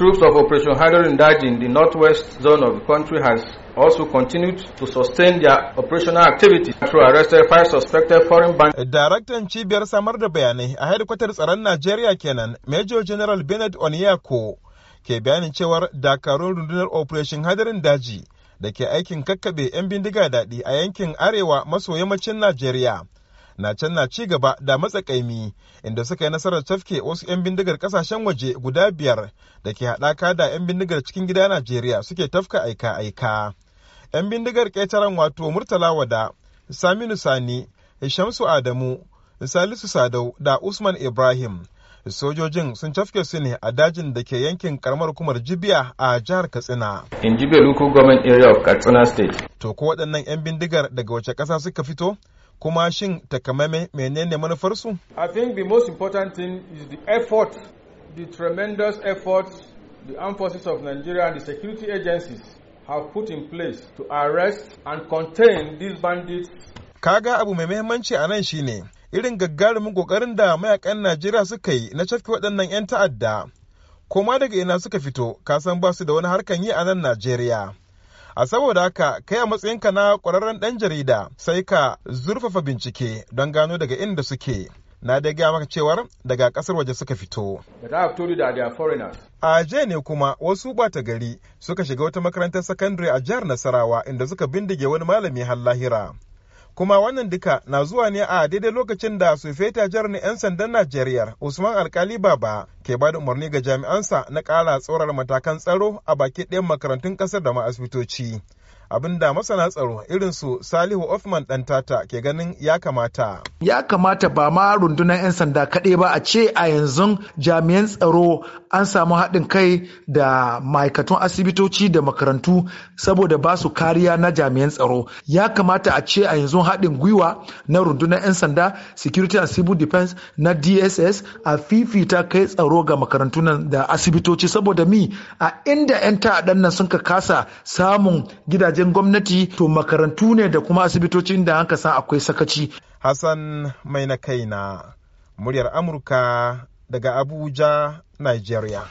troops of Operation in Daji in the northwest zone of the country has also continued to sustain their operational activities through arrested five suspected foreign bandits. Daraktan cibiyar samar da bayanai a hedikwatar tsaron Najeriya kenan, Major General Bernard Onyeko ke bayanin cewar dakarun rundunar Operation Hadarin Daji da ke aikin kakkaɓe 'yan bindiga daɗi a yankin arewa maso yammacin Najeriya. na can na ci gaba da matsakaimi inda suka yi nasarar tafke wasu 'yan bindigar kasashen waje guda biyar da ke haɗaka da 'yan bindigar cikin gida Najeriya suke tafka aika-aika. 'Yan bindigar ƙetaren wato Murtala Wada, Saminu Sani, Shamsu Adamu, Salisu Sadau da Usman Ibrahim. sojojin sun cafke su ne a dajin da ke yankin karamar hukumar jibiya a jihar katsina in jibiya local government area of katsina state to ko waɗannan 'yan bindigar daga wace ƙasa suka fito kuma shin takamaime menene manufarsu? I think the most important thing is the effort, the tremendous effort the armed forces of Nigeria and the security agencies have put in place to arrest and contain these bandits. Kaga abu mai muhimmanci a nan shine irin gagarumin kokarin da mayakan Najeriya suka yi na cafke waɗannan 'yan ta'adda. Koma daga ina suka fito, kasan ba su da wani harkan yi a nan Najeriya. a saboda haka kai a matsayinka na ƙwararren ɗan jarida sai ka zurfafa bincike don gano daga inda suke na dai gaya maka cewar daga kasar waje suka fito. A jiya ne kuma wasu bata gari suka shiga wata makarantar sakandare a jihar Nasarawa inda suka bindige wani malami har lahira. kuma wannan duka na zuwa ne a daidai lokacin da sufeta jar 'yan sandan najeriya usman alkali baba ke bada umarni ga jami'ansa na ƙara tsorar matakan tsaro a baki ɗayan makarantun ƙasar da ma asibitoci abinda masana tsaro irin su Salihu Othman tata ke ganin ya kamata. Ya kamata ba ma rundunar 'yan sanda kaɗai ba a ce a yanzu jami'an tsaro an samu haɗin kai da ma'aikatun asibitoci da makarantu saboda ba su kariya na jami'an tsaro. Ya kamata a ce a yanzu haɗin gwiwa na rundunar 'yan sanda security and civil defense na DSS a fifita kai tsaro ga makarantu da asibitoci saboda mi a inda 'yan ta'addan nan sun ka kasa samun gidaje gidajen gwamnati to makarantu ne da kuma asibitocin da hanka san akwai sakaci. Hassan mai na kai na muryar Amurka daga Abuja, Nigeria.